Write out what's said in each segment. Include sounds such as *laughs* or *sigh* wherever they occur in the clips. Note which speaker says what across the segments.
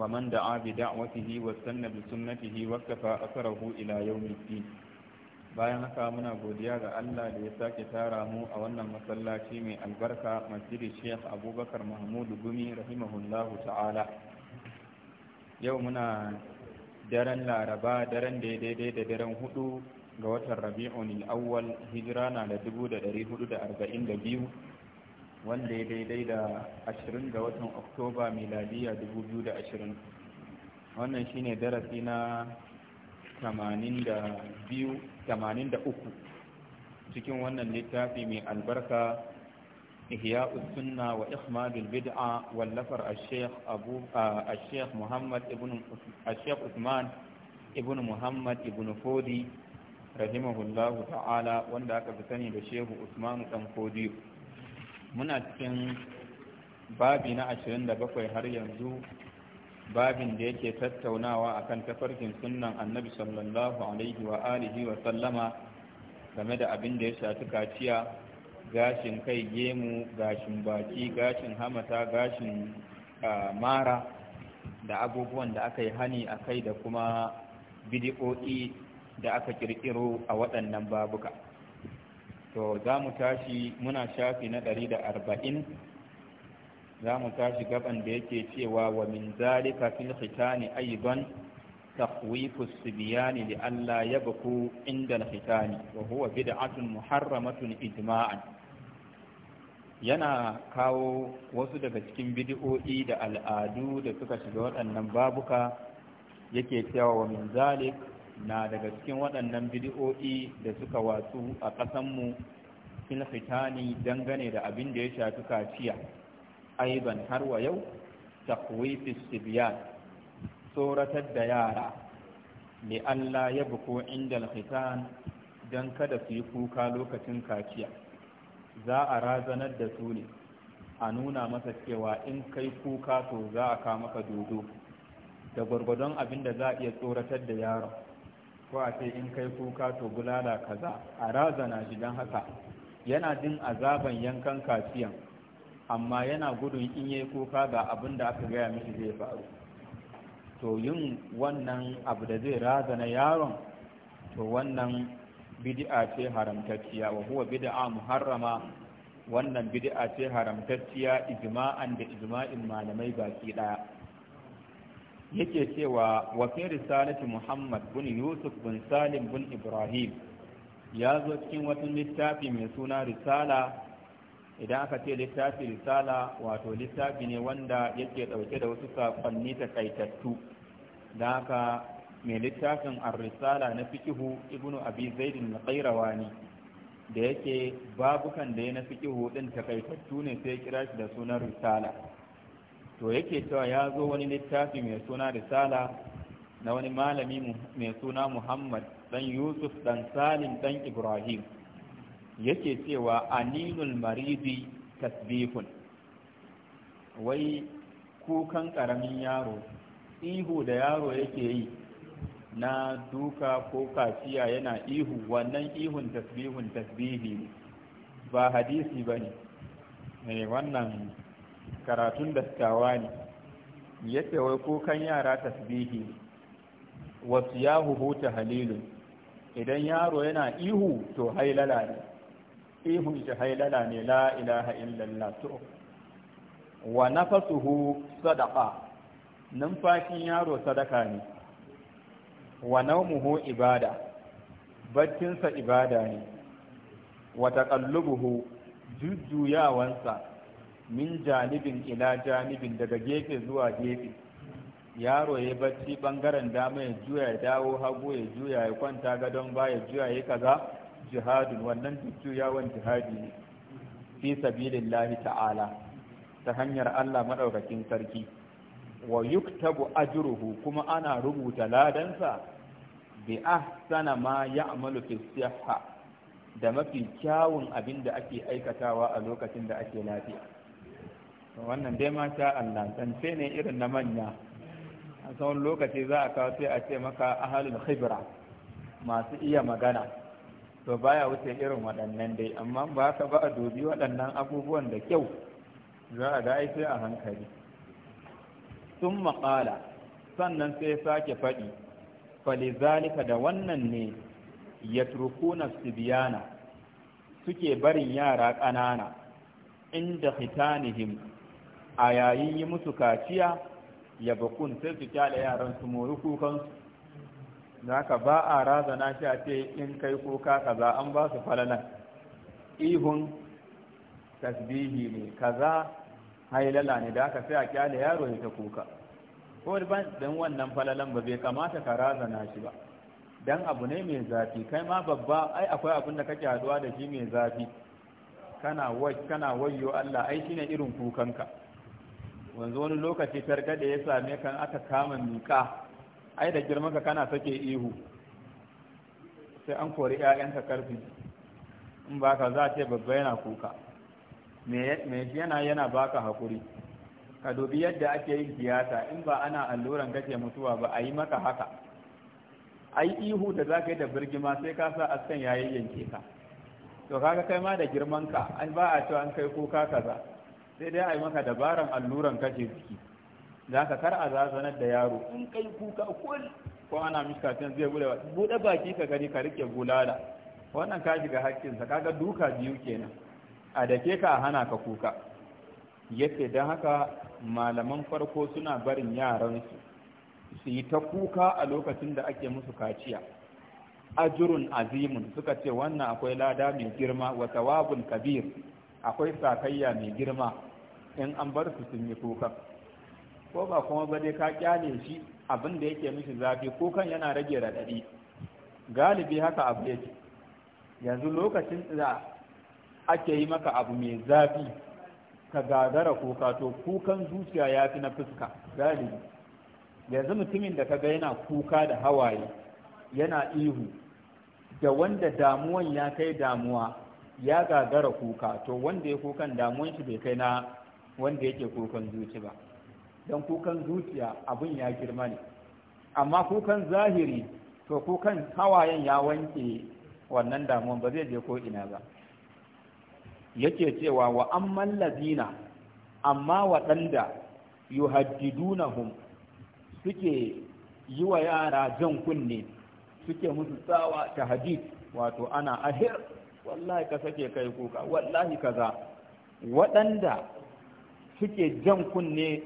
Speaker 1: ومن دعا بدعوته واستنى بسنته واكتفى اثره الى يوم الدين bayan haka muna godiya ga Allah da ya sake tara mu a wannan masallaci mai albarka masjidi Sheikh Abubakar Mahmud Gumi rahimahullahu ta'ala yau muna daren Laraba daren da daidai da daren hudu ga watan Rabi'un al-Awwal hijira na da 1442 wanda ya daidai da 20 ga watan oktoba miladiya 2020 wannan shine darasi na 83 cikin wannan littafi mai albarka ihya sunna wa ikhmadul bid'a wallafar a sheikh abu muhammad usman ibn muhammad ibn fodi rahimahullahu ta'ala wanda aka fi sani da shehu usman dan fodiyo muna cikin babi na ashirin da bakwai har yanzu babin da yake tattaunawa akan tafarkin sunan annabi sallallahu alaihi wa alihi wa sallama game da abin da ya shafi kaciya gashin kai gemu gashin baki gashin hamata gashin mara da abubuwan da aka yi hani a kai da kuma bidi'o'i da aka kirkiro a waɗannan babuka. to za mu tashi muna shafi na ɗari da arba'in za mu tashi gaban da yake cewa wa min zalika fil khitani aidan alla yabku inda al khitani wa huwa bid'atun muharramatun ijma'an. yana kawo wasu daga cikin bidi'o'i da al'adu da suka shiga waɗannan babuka yake cewa wa min zalik na daga cikin waɗannan bidi'o'i da suka watsu a ƙasanmu fil fitani dangane da abin da ya shafi kaciya aiban har wa yau takwifis sibiyan tsoratar da yara li Allah ya buko inda fitan don kada su yi kuka lokacin kaciya za a razanar da su ne a nuna masa cewa in kai kuka to za a kama dodo da gwargwadon abin da za a iya tsoratar da yaron ko a ce in kai kuka to bulala kaza a razana shi don haka yana jin azaban yankan kaciyan amma yana gudun in yi kuka ga abin da aka gaya mishi zai faru to yin wannan abu da zai razana yaron to wannan bid'a ce haramtacciya wa huwa bid'a muharrama wannan bid'a ce haramtacciya ijma'an da ijma'in malamai baki ɗaya. yake cewa wa fi risalati Muhammad bin Yusuf bin Salim bin Ibrahim ya zo cikin wata littafi mai suna risala idan aka ce littafi risala wato littafi ne wanda yake ɗauke da wasu saƙonni takaitattu da haka mai littafin ar-risala na fikihu ibnu abi zaidin na ne? da yake babukan da ya na fikihu din takaitattu ne sai kira shi da sunan risala to yake cewa ya zo wani littafi mai suna risala na wani malami mai suna muhammad dan yusuf dan salim dan ibrahim yake cewa aninul maridi tasbihun wai kukan karamin yaro ihu da yaro yake yi na duka ko kaciya yana ihu wannan ihun tasbihun tasbihi ba hadisi ba ne eh, wannan karatun da dattawa ne yace wai kukan yara tasbihi wasu huhu ta halilun idan yaro yana ihu to hailala ne ihun ta hailala ne la ilaha illallah to wa nafasuhu sadaqa numfashin yaro sadaka ne wa naumuhu ibada baccinsa ibada ne wa taqallubuhu jujjuyawansa min janibin ila janibin daga gefe zuwa gefe yaro ya bacci bangaren dama ya juya ya dawo hagu ya juya ya kwanta gadon ya juya ya kaza jihadin wannan duk yawon jihadi ne fi sabilillahi ta'ala ta hanyar Allah maɗaukakin sarki wa yuktabu ajruhu kuma ana rubuta ladansa bi ahsana ma ya'malu fi da mafi kyawun abin da ake aikatawa a lokacin da ake lafiya wannan dai ma sha Allah zance ne irin na manya a tsawon lokaci za a kawo sai a ce maka ahalul khibra masu iya magana to baya wuce irin waɗannan dai amma ba ka ba a dubi waɗannan abubuwan da kyau za a ga sai a hankali sun maƙala sannan sai sake faɗi falizalika da wannan ne ya turkuna sibiyana suke barin yara ƙanana inda hitanihim a yayin yi musu kaciya ya bakun sai su kyale yaran su mori kukansu za ka ba a razana shi a ce in kai kuka kaza an ba su falalan ihun tasbihi ne kaza hailala ne da aka sai a kyale yaro ya ta kuka ko ban dan wannan falalan ba bai kamata ka razana shi ba dan abu ne mai zafi kai ma babba ai akwai abin da kake haduwa da shi mai zafi kana wai wayyo Allah ai shine irin kukanka wanzu wani lokaci targade ya same kan aka kama miƙa ai da girman ka kana sake ihu sai an kori 'ya'yanka karfi in ba ka za ce babba yana kuka me yana yana baka hakuri ka dubi yadda ake yin tiyata in ba ana alluran kace mutuwa ba a yi maka haka ai ihu da za ka yi da birgima sai ka sa askan yayi yanke ka to kaga kai ma da girman ka an ba a cewa an kai kuka kaza sai dai a yi maka dabaran alluran kashe jiki za ka kar a zazanar da yaro in kai kuka kul ko ana miskatin zai bude bude baki ka gani ka rike bulala wannan ka shiga haƙƙinsa kaga duka biyu kenan a dake ka hana ka kuka yace don haka malaman farko suna barin yaransu su yi ta kuka a lokacin da ake musu kaciya ajurun azimun suka ce wannan akwai lada mai girma wa tawabun kabir akwai sakayya mai girma in an bar su sun yi kukan ko ba kuma ba dai ka kyale shi abin da yake mishi zafi kukan yana rage raɗaɗi galibi haka abu yake yanzu lokacin da ake yi maka abu mai zafi ka gagara kuka to kukan zuciya ya fi na fuska galibi yanzu mutumin da ka ga yana kuka da hawaye yana ihu da wanda damuwan ya kai damuwa ya gagara kuka to wanda ya kukan damuwan shi bai kai na wanda yake kukan zuci ba don kukan zuciya abin ya girma ne amma kukan zahiri to kukan hawayen ya wanke wannan damuwan ba zai je ko ina ba yake cewa wa amman lazina amma waɗanda yuhaddidunahum suke yi wa yara jan kunne suke musu tsawa ta hadid wato ana ahir wallahi ka sake kai kuka wallahi kaza waɗanda suke jan kunne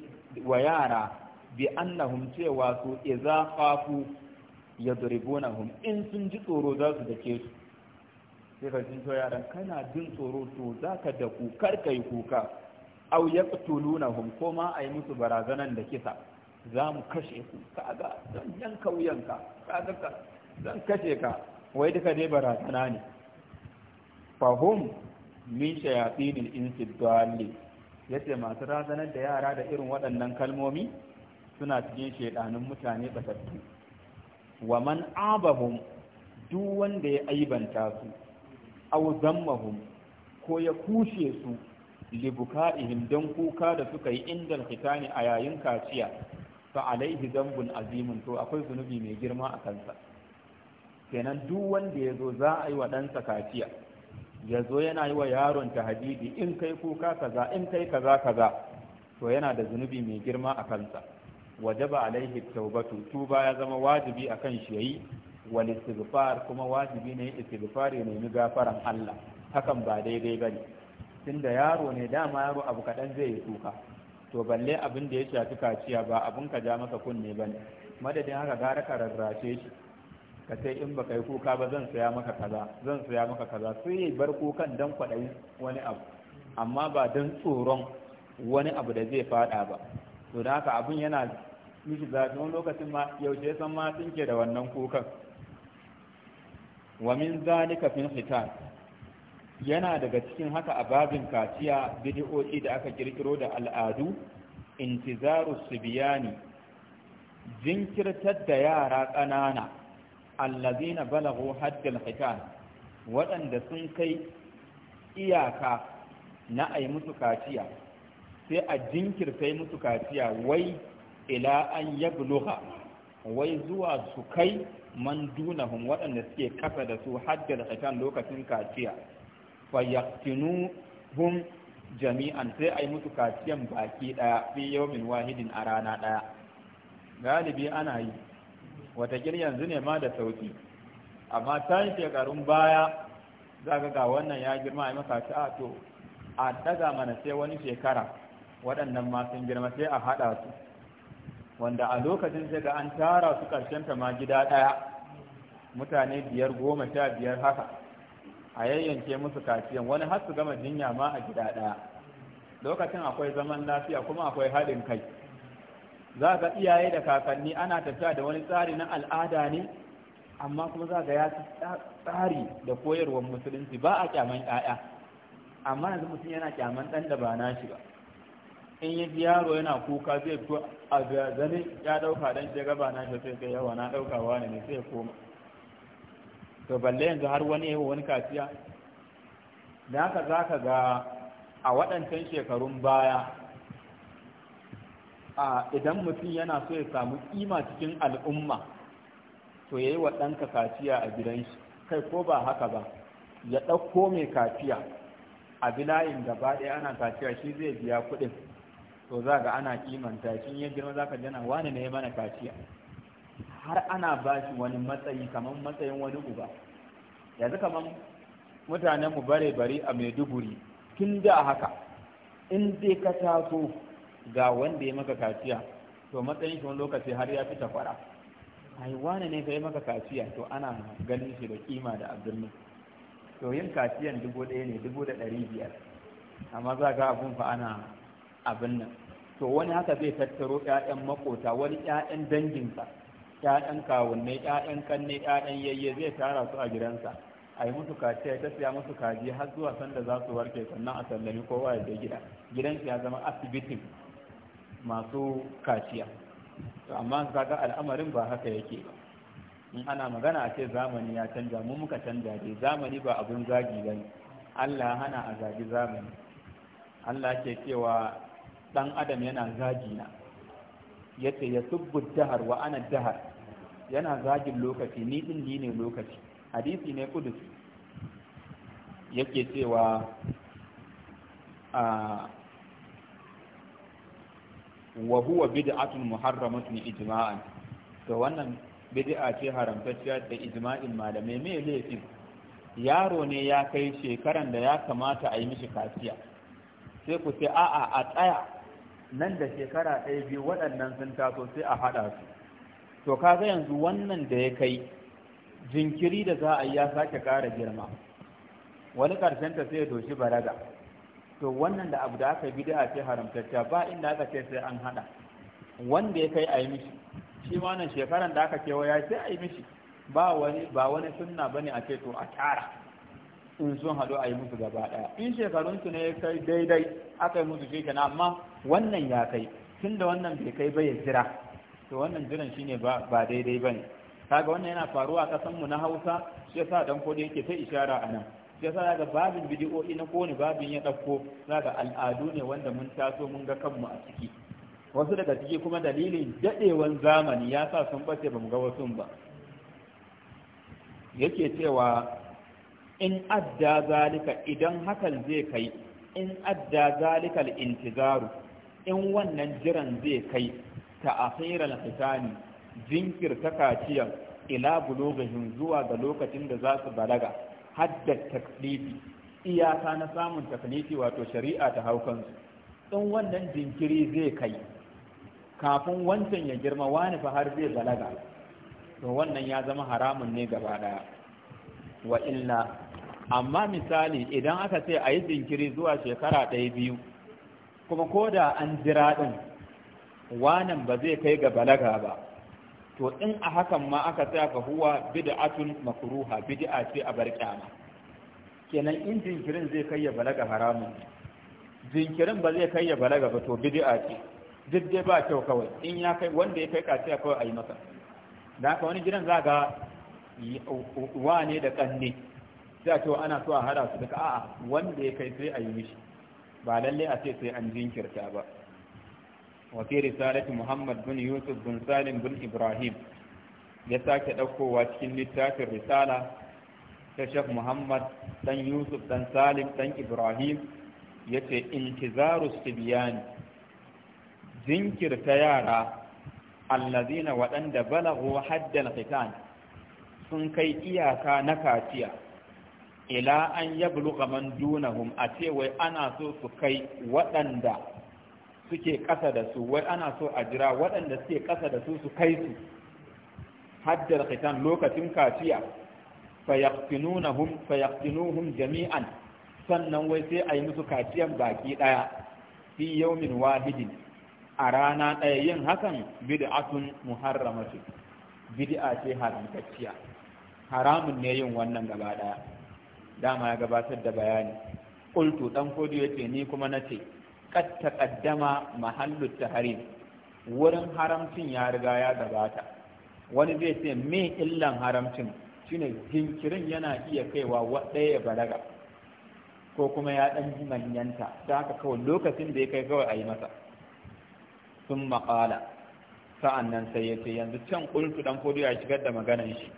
Speaker 1: wa yara bi annahum cewa su idza qafu hum in sun ji tsoro za su dake su sai ka jin yaran kana jin tsoro to za ka da kukar kai kuka aw hum ko ma yi musu barazanan da kisa za mu kashe ku kaga zan yanka wuyanka kaga ka zan kashe ka wai duka dai barazana ne fahum min shayatin insi dalli ya ce masu razanar da yara da irin waɗannan kalmomi suna cikin shaidanun mutane batattu wa man abahum duk wanda ya aibanta su au zammahum ko ya kushe su libuka'ihim don kuka da suka yi indal khitani a yayin kaciya fa alaihi zambun azimun to akwai zunubi mai girma a kansa kenan duk wanda ya zo za a yi wa ɗansa kaciya ya zo yana yi wa yaron tahadidi in kai kuka kaza in kai kaza kaza to yana da zunubi mai girma a kansa wajaba alaihi taubatu tuba ya zama wajibi akan shi yayi wal istighfar kuma wajibi ne istighfar ya nemi gafaran Allah hakan ba daidai bane tunda yaro ne dama yaro abu kadan zai yi kuka to balle abin da ya shafi kaciya ba abin ka ja masa kunne bane madadin haka gara ka rarrashe shi ka sai in baka yi kuka ba zan saya maka kaza zan saya maka kaza sai ya bar kukan dan kwaɗayi wani abu amma ba dan tsoron wani abu da zai faɗa ba to da haka abin yana miki zafi wani lokacin ma yaushe san ma ke da wannan kukan wa zani kafin fil yana daga cikin haka a babin kaciya bid'o'i da aka kirkiro da al'adu intizaru sibiyani jinkirtar da yara ƙanana allazina balaghu haddal hikam waɗanda sun kai iyaka na ai musu kaciya sai a jinkirta musu kaciya wai ila an yabluha wai zuwa su kai man dunahum waɗanda suke kafa da su haddal hikam lokacin kaciya fa jami'an sai yi musu kaciyan baki daya fi yawmin wahidin a rana ɗaya. galibi ana yi watakil yanzu ne ma da sauki amma tayin shekarun baya za ga wannan ya girma a maka ta to a daga mana sai wani shekara waɗannan ma girma sai a haɗa su wanda a lokacin sai ga an tara su ƙarshen ta ma gida ɗaya mutane biyar goma sha biyar haka a yayyanke musu kaciyan wani har su gama jinya ma a gida ɗaya lokacin akwai zaman lafiya kuma akwai haɗin kai za ka iyaye da kakanni ana tafiya da wani tsari na al'ada ne amma kuma za ka ya tsari da koyarwar musulunci ba a kyaman ƴaƴa amma yanzu mutum yana kyaman ɗan da ba na shi ba in ya ji yaro yana kuka zai fito a zane ya ɗauka ɗan shi gaba na shi sai yawa na ɗauka wani ne sai koma to balle yanzu har wani yawa wani kaciya da haka za ka ga a waɗancan shekarun baya a idan mutum yana so ya samu kima cikin al'umma to yayi wa ɗanka kaciya a gidan shi kai ko ba haka ba ya ɗauko mai kaciya a bilayin gaba ɗaya ana kaciya shi zai biya kuɗin to za ga ana kimanta shi ya girma za ka jana wani ne mana kaciya har ana ba shi wani matsayi kamar matsayin wani uba yanzu kamar mutanenmu bare bare a maiduguri tun da haka in dai ka taso ga wanda ya maka kaciya to matsayin shi wani lokaci har ya fi takwara ai wane ne kai maka kaciya to ana ganin shi da kima da abdulmi to yin kaciyan dubu ɗaya ne dubu da ɗari biyar amma za ka abun fa ana abin nan to wani haka zai tattaro ƴaƴan makota wani ƴaƴan danginsa ƴaƴan kawunne ƴaƴan kanne ƴaƴan yayye zai tara su a gidansa a yi musu kaciya ta tafiya musu kaji har zuwa sanda za su warke sannan a sallami kowa ya je gida gidansa ya zama asibitin masu kaciya to amma kaga al'amarin ba haka yake ba in ana magana a ce zamani ya canja mu muka canja dai zamani ba abun zagi ba Allah hana a zagi zamani Allah ke cewa dan adam yana zagi na yace ya subbu dahar wa ana dahar yana zagi lokaci ni din ni ne lokaci hadisi ne kudus yake cewa a ah, wa huwa bid'atun muharramatun ijma'an to wannan bid'a ce haramtacciya da ijma'in malamai me laifin yaro ne ya kai shekaran da ya kamata a yi mishi kaciya sai ku ce a'a a tsaya nan da shekara ɗaya biyu waɗannan sun taso sai a haɗa su to kaga yanzu wannan da ya kai jinkiri da za a yi ya sake ƙara girma wani ƙarshen ta sai ya doshi baraga. to wannan da abu da aka bi da ce haramtacciya ba inda aka ce sai an hada wanda ya kai a yi mishi shi ma wannan shekaran da aka kewaya sai a yi mishi ba wani ba wani sunna bane a ce to a tara in sun hadu a yi musu gaba daya in shekarun su ne ya kai daidai aka yi musu shekana amma wannan ya kai Tun da wannan bai kai ba ya jira to wannan jiran shine ba ba daidai bane kaga wannan yana faruwa a kasan mu na Hausa shi yasa dan kodi yake ta ishara a nan. shi yasa daga babin bidi'o'i na kowane babin ya ɗauko daga al'adu ne wanda mun taso mun ga kanmu a ciki wasu daga ciki kuma dalilin daɗewan zamani ya sa sun ɓace ba mu ga wasu ba yake cewa in adda zalika idan hakan zai kai in adda zalika intizaru in wannan jiran zai kai ta akhiral hitani jinkirta kaciyar ila bulughihim zuwa ga lokacin da za su balaga haddar taklifi iyaka na samun taklifi wato shari'a ta haukansu in wannan jinkiri zai kai kafin wancan ya girma wani fa har zai balaga to wannan ya zama haramun ne gaba daya wa illa amma misali idan aka ce a yi jinkiri zuwa shekara ɗaya biyu kuma ko da an jira ɗin wanan ba zai kai ga balaga ba to in a hakan ma aka tsaya ka huwa bid'atun makruha bid'a ce a bar kyama kenan in jinkirin zai kai ya balaga haramun jinkirin ba zai kai ya balaga ba to bid'a ce duk dai ba kyau kawai in ya kai wanda ya kai kaciya kawai a yi masa da haka wani gidan za ga wane da kanne sai a ana so a hada su duka a'a wanda ya kai sai a yi mishi ba lallai a ce sai an jinkirta ba وفي رسالة محمد بن يوسف بن سالم بن إبراهيم يساك أكو واتكين لتاك الرسالة تشف محمد بن يوسف بن سالم بن إبراهيم يتي انتظار السبيان ذنكر تيارا الذين وأند بلغوا حد الختان سنكي إياكا نكاتيا ila an yabluga man dunahum a ce wai ana so su kai waɗanda suke ƙasa da su wai ana so a jira waɗanda suke ƙasa da su su kai su haddar khitan lokacin kaciya fayaqtinunahum fayaqtinuhum jami'an sannan wai sai ayi musu kafiyan baki ɗaya fi yawmin wahidin a rana ɗaya yin hakan bid'atun muharramatu bid'a ce haramtacciya haramun ne yin wannan gaba daya dama ya gabatar da bayani qultu dan kodi yace ni kuma nace qad taqaddama mahallu tahrim wurin haramcin ya riga ya gabata wani zai ce me illan haramcin shine jinkirin yana iya kaiwa ɗaya ya balaga ko kuma ya ɗan ji manyanta haka kawai lokacin da ya kai kawai ayi masa sun maƙala sa'an nan sai ya ce yanzu can ƙultu ɗan kodo ya shigar da maganan shi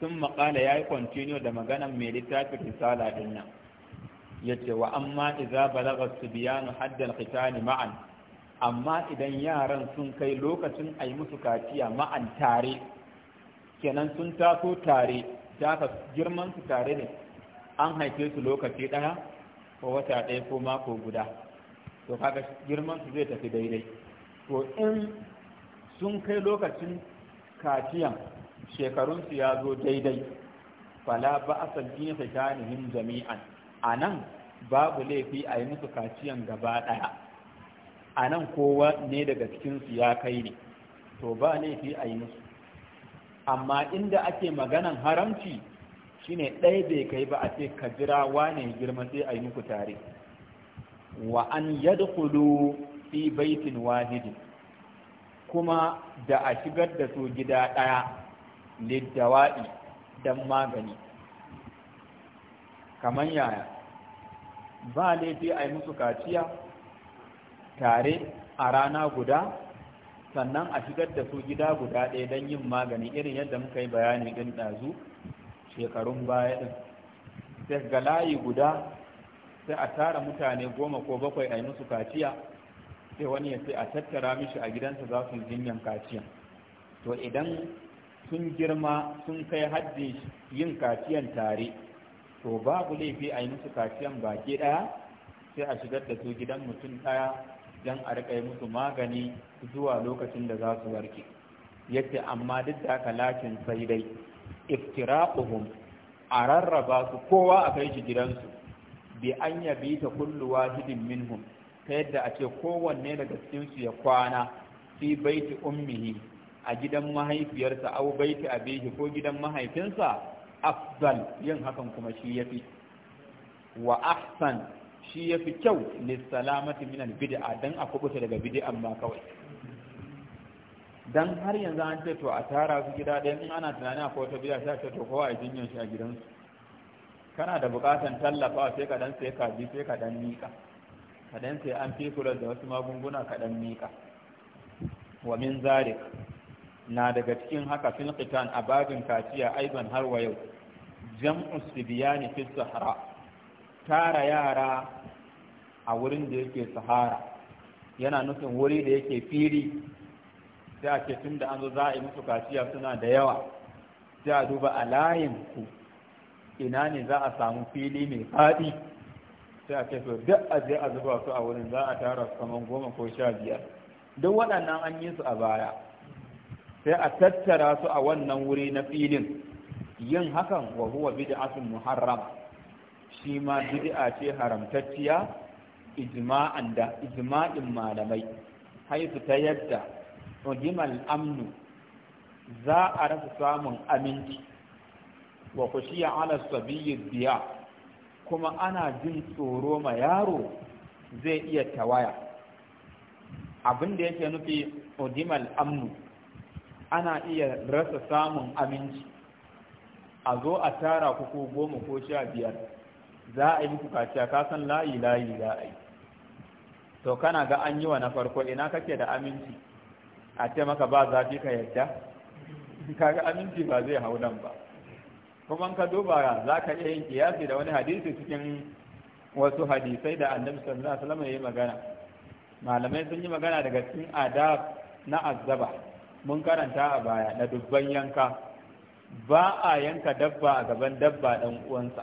Speaker 1: sun maƙala ya yi da maganan mai littafin risala ɗin nan yace wa amma idza balagha sibyanu haddal qitani ma'an amma idan yaran sun kai lokacin ai musu kaciya ma'an tare kenan sun taso tare daga girman su tare ne an haife su lokaci daya ko wata ɗaya ko mako guda to kaga girman su zai tafi daidai to in sun kai lokacin kaciyan shekarunsu ya zo daidai fala ba a sanji fitanihim jami'an anan. babu laifi a yi musu kaciyan gaba ɗaya a nan kowa ne daga cikinsu ya kai ne to ba laifi a yi musu amma inda ake maganan haramci shine ɗaya bai kai ba a ce ka jira wane girma sai a yi muku tare wa an yadkhulu fi baitin wahidi kuma da a shigar da su gida ɗaya liddawa'i don magani kamar yaya ba laifi a yi musu kaciya tare a rana guda sannan a shigar da su gida guda ɗaya don yin magani irin yadda muka yi bayani ɗin ɗazu shekarun baya ɗin sai ga layi guda sai a tara mutane goma ko bakwai a yi musu kaciya sai wani ya sai a tattara mishi a gidansa za su jinyan kaciya to idan sun girma sun kai haddin yin kaciyan tare to babu laifi a yi musu kaciyan baki ɗaya sai a shigar da su gidan mutum ɗaya don a riƙa yi musu magani zuwa lokacin da za su warke yadda amma duk da haka lakin sai dai iftiraquhum a rarraba su kowa a kai shi gidansu bi an yabi ta kullu wahidin minhum ta yadda a ce kowanne daga cikinsu ya kwana fi baiti ummihi a gidan mahaifiyarsa au baiti abihi ko gidan mahaifinsa afdal yin hakan kuma shi yafi wa ahsan shi yafi kyau lissalamati minan bid'a dan a kubuta daga bid'an ma kawai dan har yanzu an ce to a tara su gida ɗaya in ana tunani a wata bid'a sai ce to kowa ya jinyar shi a gidansu kana da bukatan tallafa sai ka dan sai ka bi sai ka dan mika ka dan sai an fi da wasu magunguna ka dan mika wa min zalik na daga cikin haka fil qitan a babin kaciya aiban har wa yau jam'u sibyani fi sahara tara yara a wurin da yake sahara yana nufin wuri da yake firi, sai a ce tun da an zo za a yi musu kaciya suna da yawa sai a duba a layin ku ina ne za a samu fili mai faɗi sai a ce to duk a je a zuba su a wurin za a tara kaman goma ko sha biyar duk waɗannan an yi su a baya sai a tattara su a wannan wuri na filin yin hakan wa huwa bid'atun muharram shi ma bid'a ce haramtacciya ijma'an da ijma'in malamai haifu ta yadda udimal amnu za a rasa samun aminci wa kushiya ala sabiyyi biya kuma ana jin tsoro ma yaro zai iya tawaya abin da yake nufi udimal amnu ana iya rasa samun aminci a zo a tara ku ko goma ko sha biyar za a yi muku kaciya ka san layi layi za a yi to kana ga an yi wa na farko ina kake da aminci a ce maka ba zafi ka yadda kaga aminci ba zai hau nan ba kuma ka duba za ka iya yin kiyasi da wani hadisi cikin wasu hadisai da annabi sallallahu alaihi wasallam ya yi magana malamai sun yi magana daga cikin adab na azzaba mun karanta a baya na dubban yanka ba a yanka dabba a gaban dabba ɗan uwansa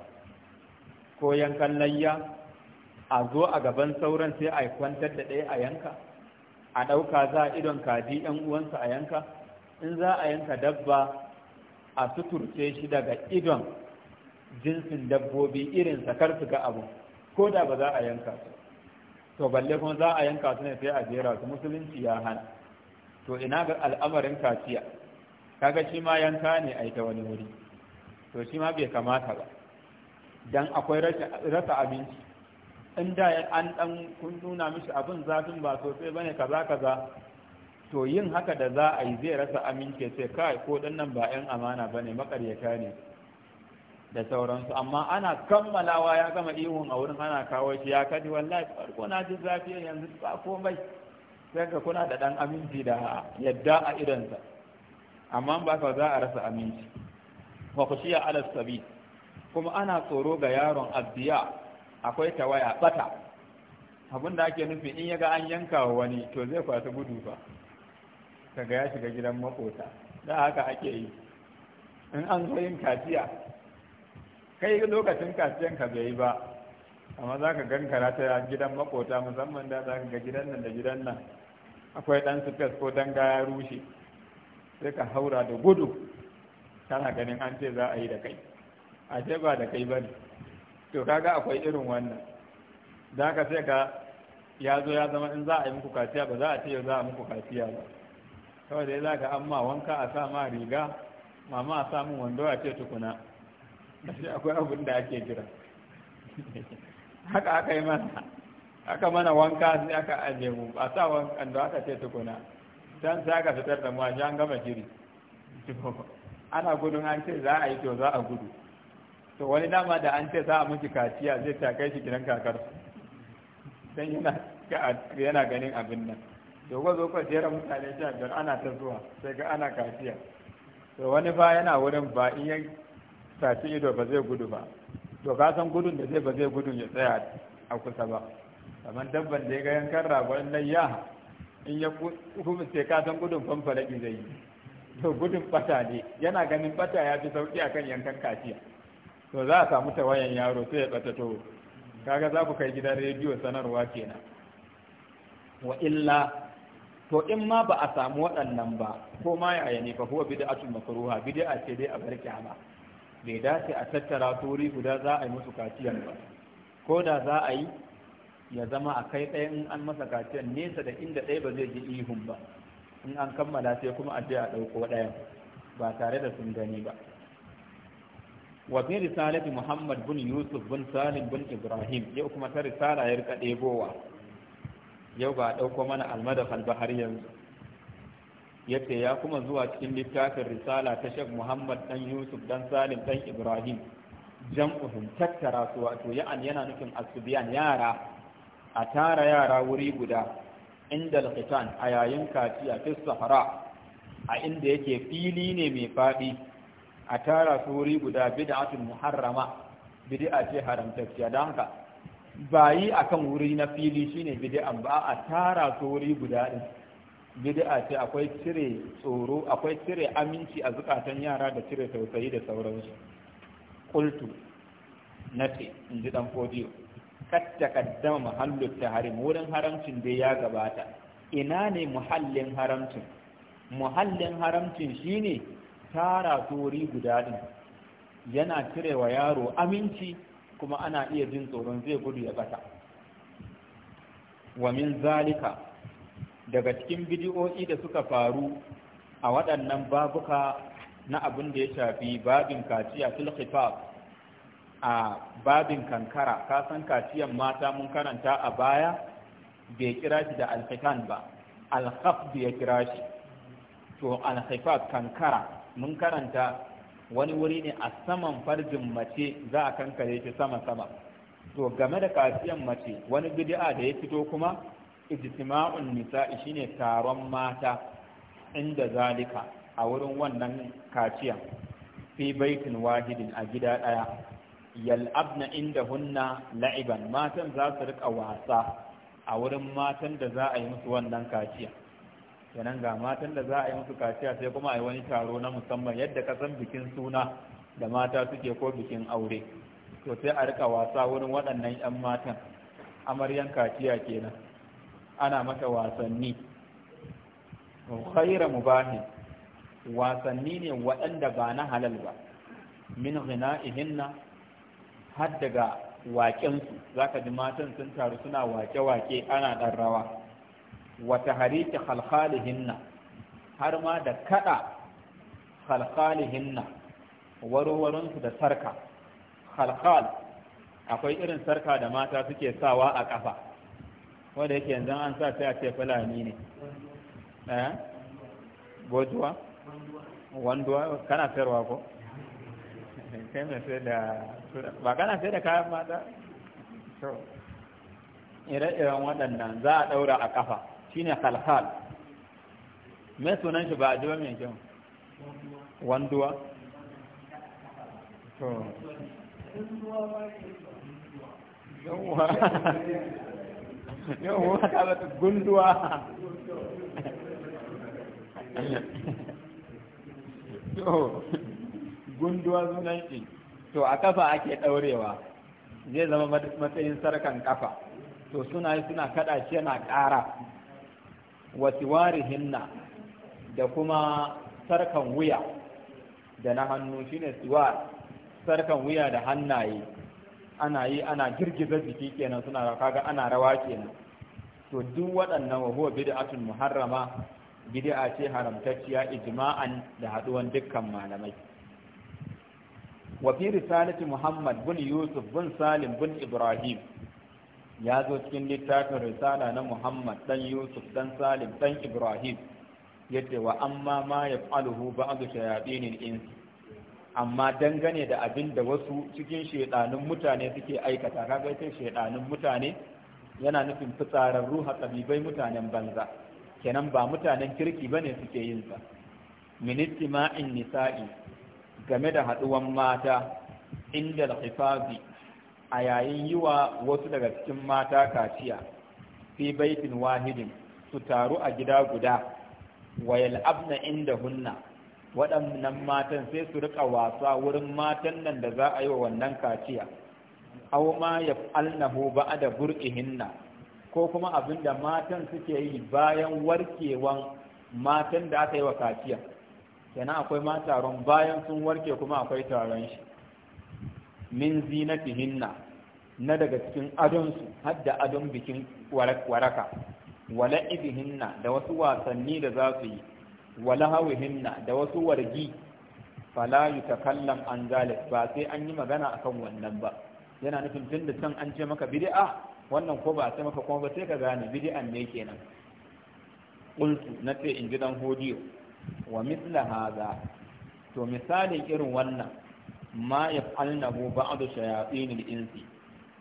Speaker 1: ko yankan layya a zo a gaban sauran sai a kwantar da ɗaya a yanka a ɗauka za a idon kaji ɗan uwansa a yanka in za a yanka dabba a suturce shi daga idon jinsin dabbobi irin sakar su ga abu ko da ba za a yanka su to balle kuma za a yanka su ne sai a jera su musulunci ya hana to ina ga al'amarin kaciya kaga shi ma yanka ne a ita wani wuri to shi ma bai kamata ba dan akwai rasa abinci in da an dan kun nuna mishi abin zafin ba sosai bane kaza kaza to yin haka da za a yi zai rasa amince sai kai ko dan nan ba yan amana bane makaryata ne da sauransu amma ana kammalawa ya gama ihun a wurin ana kawo shi ya kaji wallahi farko na ji zafi yanzu ba komai sai ka kuna da ɗan aminci da yadda a idansa amma ba ka za a rasa aminci wa khushiya alas sabi kuma ana tsoro ga yaron abdiya akwai tawaya bata abin da ake nufi in yaga an yanka wa wani to zai kwasa gudu ba. kaga ya shiga gidan makota da haka ake yi in an zo yin kaciya kai lokacin kaciyan ka bai yi ba amma za ka gankara ta gidan makota musamman da za ka ga gidan nan da gidan nan akwai ɗan space ko danga ya rushe sai ka haura da gudu kana ganin an ce za a yi da kai a ce ba da kai ba ne to kaga akwai irin wannan za ka sai ka ya zo ya zama in za a yi muku kaciya ba za a ce za a muku kaciya ba dai za ka an ma wanka a sa ma riga mama a samun wando a ce tukuna da shi akwai abin da ake jira *laughs* haka aka yi masa aka mana wanka sai aka aje mu a sa wankan da aka ce tukuna can sai aka fitar da mu a an gama jiri ana gudun an ce za a yi to za a gudu to wani dama da an ce za a miki kaciya zai ta kai shi gidan kakar dan yana ganin abin nan to ko zo ko jera mutane sha biyar ana ta zuwa sai ga ana kaciya to wani ba yana wurin ba in ya saci ido ba zai gudu ba to ka san gudun da zai ba zai gudun ya tsaya a kusa ba kamar dabban da ya ga yankan ragon layya in ya sai ka san gudun fanfalaki zai yi to gudun bata ne yana ganin bata ya fi sauki kan yankan kaciya to za a samu tawayan yaro sai ya bata to kaga za ku kai gidan rediyo sanarwa kenan wa illa to in ma ba a samu waɗannan ba ko ma ya ne fa huwa bid'atun makruha bid'a ce dai a bar kyama bai dace a tattara turi guda za a yi musu kaciyar ba ko da za a yi ya zama a kai ɗaya in an masa kaciyar nesa da inda ɗaya ba zai ji ihun ba in an kammala sai kuma a je a ɗauko ɗaya ba tare da sun gani ba wa fi risalati muhammad bin yusuf bin salim bin ibrahim yau kuma ta risala ya rika ɗebowa yau ba a ɗauko mana almada har yanzu yace ya kuma zuwa cikin littafin risala ta shek muhammad dan yusuf dan salim dan ibrahim jam'uhum tattara su wato ya'an yana nufin asubiyan yara a tara yara wuri guda inda alkitan a yayin kaciya fi sahara a inda yake fili ne mai faɗi a tara su wuri guda bid'atul muharrama bid'a ce haramtacciya don haka ba yi akan wuri na fili shine bid'an ba a tara su wuri guda din bid'a ce akwai cire tsoro akwai cire aminci a zukatan yara da cire tausayi da sauransu qultu nace in ji dan fodiyo kad kaddama mahallut tahrim wurin haramcin dai ya gabata ina ne muhallin haramcin muhallin haramcin shine tara tori guda din yana cirewa yaro aminci kuma ana iya jin tsoron zai gudu ya bata wa min zalika daga cikin bidiyoyi da suka faru a waɗannan babuka na abin da ya shafi babin kaciya fil a babin kankara ka san kaciyan mata mun karanta a baya bai kira shi da alfitan ba alhaf ya kira shi to alhifat kankara mun karanta wani wuri ne a saman farjin mace za a kankare shi sama sama to game da kaciyan mace wani bid'a da ya fito kuma ijtima'un nisa'i shine taron mata inda zalika a wurin wannan kaciyan fi baitin wahidin a gida daya yal'abna inda hunna la'iban matan za su rika wasa a wurin matan da za a yi musu wannan kaciya kenan ga matan da za a yi musu kaciya sai kuma a yi wani taro na musamman yadda ka san bikin suna da mata suke ko bikin aure to sai a rika wasa wurin waɗannan 'yan matan amaryan kaciya kenan ana mata wasanni khaira mubahi wasanni ne waɗanda ba na halal ba min ghina'ihinna har daga waƙensu za ka ji matan sun taru suna waƙe-waƙe ana ɗan rawa wata harike halhalihinna har ma da kaɗa halhalihinna warwarinsu da sarka halhal akwai irin sarka da mata suke sawa a ƙafa wanda yake yanzu an sa sai a ce fulani ne eh gojuwa wanduwa kana sayarwa ko kai mai sai da ba kana sai da kayan mata to ire-iren waɗannan za a ɗaura a ƙafa shine khalhal mai sunan shi ba a jiwa mai kyau wanduwa to yawwa yawwa ta bata gunduwa gunduwa sunan shi to a kafa ake ɗaurewa zai zama matsayin sarkan kafa to suna yi suna kaɗa shi yana ƙara hinna da kuma sarkan wuya da na hannu shi ne siwar sarkan wuya da hannaye ana yi ana girgiza jiki kenan suna kaga ana rawa kenan to duk waɗannan wa huwa bid'atun muharrama bid'a ce haramtacciya ijima'an, da haɗuwan dukkan malamai wa fi risalati muhammad bin yusuf bin salim bin ibrahim ya zo cikin littafin risala na muhammad dan yusuf dan salim dan ibrahim yace wa amma ma yaf'aluhu ba'du shayatinil ins amma dangane da abin da wasu cikin shedanun mutane suke aikata kaga ita shedanun mutane yana nufin fitsararru hatsabibai mutanen banza kenan ba mutanen kirki bane suke yin sa min nisa'i game da haɗuwan mata inda da hifazi a yayin yi wa wasu daga cikin mata kaciya fi baitin wahidin su taru a gida guda wa yal'abna inda hunna waɗannan matan sai su riƙa wasa wurin matan nan da za a yi wa wannan kaciya aw ma yaf'alnahu ba'da hinna. ko kuma abinda matan suke yi bayan warkewan matan da aka yi wa kaciya kenan akwai ma taron bayan sun warke kuma akwai taron shi min zinatihinna na daga cikin adonsu har da adon bikin waraka wala ibihinna da wasu wasanni da za su yi wala hawihinna da wasu wargi fala yutakallam an zalik ba sai an yi magana akan wannan ba yana nufin tun da can an ce maka bid'a wannan ko ba sai maka kuma ba sai ka gane bid'an ne kenan na ce in gidan hodiyo wa mithla haza to misalin irin wannan ma yaf'alnahu ba'du shayatinil insi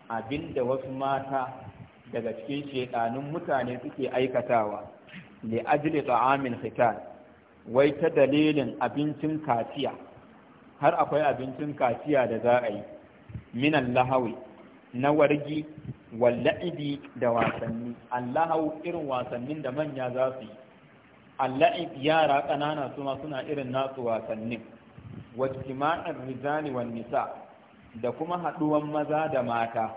Speaker 1: abinda wasu mata daga cikin shekanun mutane suke aikatawa li ajli ta'amin khitan wai ta dalilin abincin kaciya har akwai abincin kaciya da za a yi minan lahawi na wargi walla'ibi da wasanni allahau irin wasannin da manya za su yi A alla'ib yara ƙanana suma suna irin nasu wasannin wajtima'ar rijali wan nisa da kuma haɗuwan maza da mata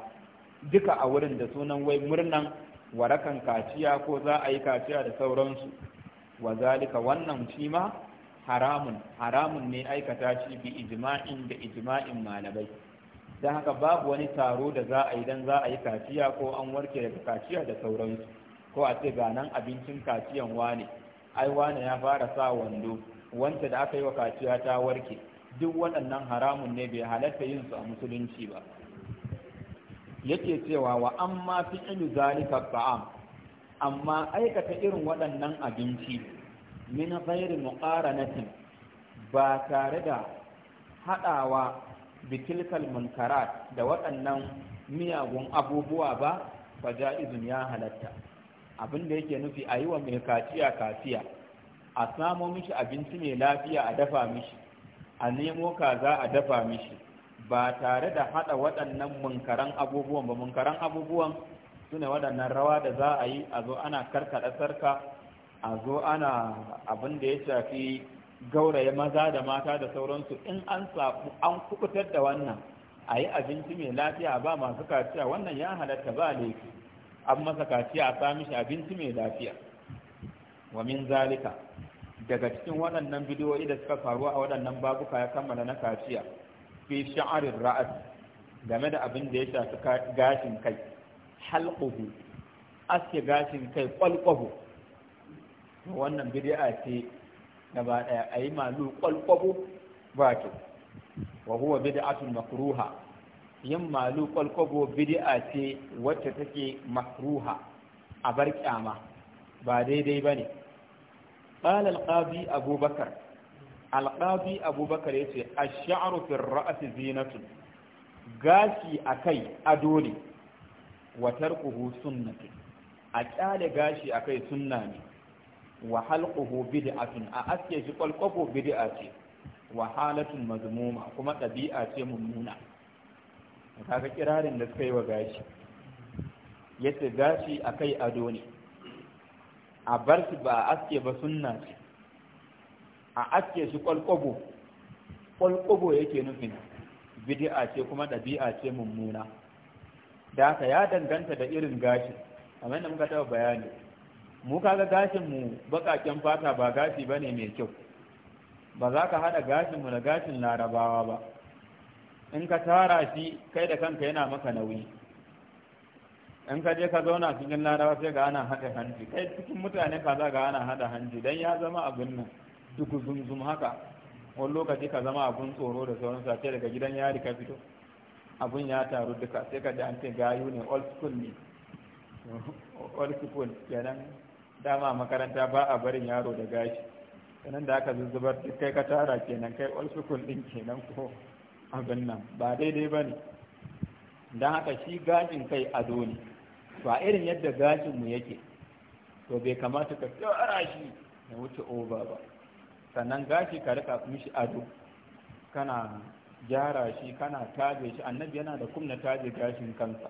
Speaker 1: duka a wurin da sunan wai murnan warakan kaciya ko za a yi kaciya da sauransu wa wannan shi ma haramun haramun ne aikata shi bi ijma'in da ijma'in malamai don haka babu wani taro da za a yi don za a yi kaciya ko an warke daga kaciya da sauransu ko a ce ga abincin kaciyan wane ai wane ya fara sa wando wanda da aka yi wa kaciya ta warke duk waɗannan haramun ne bai halatta yin su a musulunci ba yake cewa wa amma fi ilu zalika ta'am amma aikata irin waɗannan abinci min ghairi muqaranatin ba tare da haɗawa bitilkal munkarat da waɗannan miyagun abubuwa ba fa ja'izun ya halatta abin da yake nufi a yi wa mai kaciya kaciya a samo mishi abinci mai lafiya a dafa mishi a nemo kaza a dafa mishi ba tare da haɗa waɗannan munkaran abubuwan ba munkaran abubuwan su ne waɗannan rawa da za a yi a zo ana karkaɗa sarka a zo ana abin da ya shafi gauraye maza da mata da sauransu in an sabu an kubutar da wannan a yi abinci mai lafiya ba masu kaciya wannan ya halatta ba laifi an masa kaciya a sami shi abinci mai lafiya wa min zalika daga cikin waɗannan bidiyoyi da suka faru a waɗannan babuka ya kammala na kaciya fi sha'arin ra'as game da abin da ya shafi gashin kai halƙuhu aske gashin kai kwalkwaho wannan bidi'a ce da ɗaya a yi malu kwalkwabo ba ke wa huwa bid'atun makruha yin malu kwalkwabo bidi'a ce wacce take makruha a bar kyama ba daidai ba ne قال alƙabi abubakar alƙabi abubakar ya ce a sha'aru في الرأس gashi a kai ado watar wa tarkuhu sunnatu a ƙyale gashi a kai sunna ne wa halquhu bid'atun a aske shi kwalkwabo bid'a ce wa halatun mazmuma kuma ɗabi'a ce mummuna kaga kirarin da suka yi wa gashi yadda gashi a kai ado ne a bar shi ba a aske ba sunna a aske shi kwalkwabo kwalkwabo yake nufin bid'a ce kuma ɗabi'a ce mummuna da aka ya danganta da irin gashi kamar da muka taɓa bayani mu kaga gashin mu baƙaƙen fata ba gashi bane mai kyau ba za ka haɗa gashin mu da gashin larabawa ba in ka tara shi kai da kanka yana maka nauyi in ka je ka zauna cikin larawa sai ga ana haɗa hanji kai cikin mutane ka za ga ana haɗa hanji dan ya zama abin nan duk zumzum haka wani lokaci ka zama abun tsoro da sauran sace daga gidan yari ka fito abun ya taru duka sai ka ji an ce gayu ne old school ne old school kenan dama makaranta ba a barin yaro da gashi sanan da aka zuzzubar kai ka tara kenan kai old school din kenan ko abin nan ba daidai ba ne don haka shi gashin kai ado ne to a irin yadda gashinmu yake to bai kamata ka tsara shi na wuce oba ba sannan gashi ka rika mishi ado kana gyara shi kana taje shi annabi yana da kumna taje gashin kansa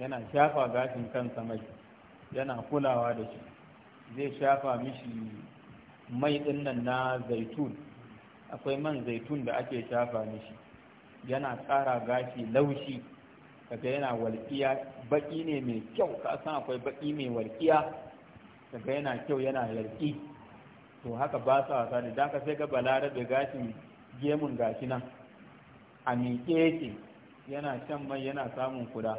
Speaker 1: yana shafa gashin kansa mai yana kulawa da shi zai shafa mishi mai ɗinnan na zaitun akwai man zaitun da ake shafa mishi yana ƙara gashi laushi kaga yana walƙiya baƙi ne mai kyau ka san akwai baƙi mai walƙiya kaga yana kyau yana yarki to haka ba sa wasa da daka sai ga balarabe gashin gemun gashi nan a miƙe yake yana shan mai yana samun kuda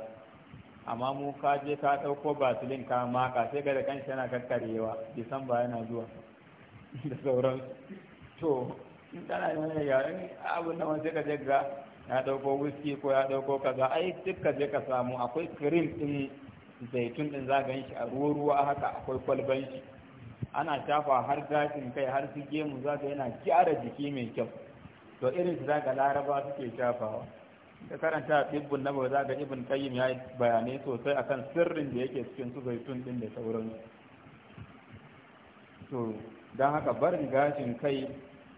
Speaker 1: amma mu ka je ka ɗauko basilin ka maka sai ga da kanshi yana kakkarewa disamba yana zuwa *laughs* da sauransu to in kana yi abin da ka ga ya dauko whisky ko ya dauko kaza ai duk ka je ka samu akwai cream din zaitun din za gan shi a ruwa ruwa haka akwai kwalban shi ana shafa har gashin kai har su gemu za ka yana gyara jiki mai kyau to irin su za ka laraba suke shafawa da karanta ibbun nabawi za ka ibn qayyim ya yi bayanai sosai akan sirrin da yake cikin su zaitun din da sauransu to don haka barin gashin kai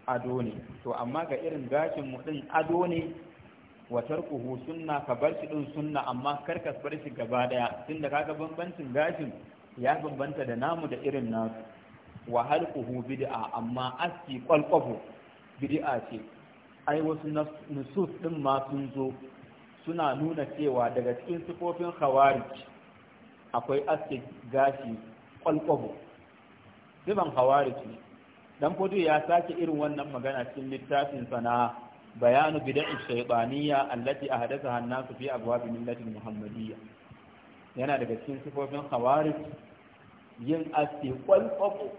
Speaker 1: ado ne to amma ga irin gashin mu din ado ne wa tarkuhu sunna ka bar shi din sunna amma kar ka bar shi gaba daya tunda kaga bambancin gashin ya bambanta da namu da irin nasu wa halquhu bid'a amma aski kwalkwafo bid'a ce ai wasu nusus din ma sun zo suna nuna cewa daga cikin sifofin khawarij akwai aski gashi kwalkwafo siban khawarij dan fodo ya sake irin wannan magana cikin littafin sana bayanu bid'in shaytaniyya allati ahdatha an-nasu fi abwab millati muhammadiyya yana daga cikin sifofin khawarij yin aski kwalkwafo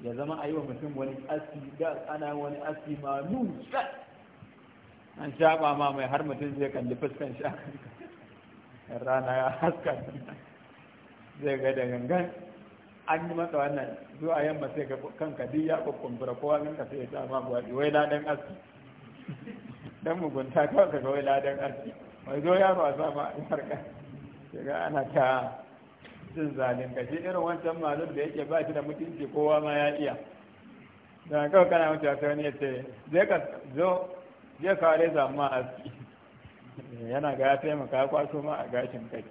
Speaker 1: ya zama a yi wa mutum wani aski da ana wani aski ma nusa an shaɓa ma mai har mutum zai kalli fuskan shi rana ya haska zai ga da gangan an yi masa wannan zuwa yamma sai ka kanka duk ya kokumbura kowa min ka sai ya ta babu wani wai ladan aski dan mugunta kawai ka ga wai ladan aski wai zo yaro a sama albarka kaga ana ta jin zalin ka irin wancan malum da yake ba shi da mutunci kowa ma ya iya dan kawai kana a sai ne ya ce zai ka zo zai ka reza zama aski *laughs* yana ga ya taimaka kwaso ma a gashin kai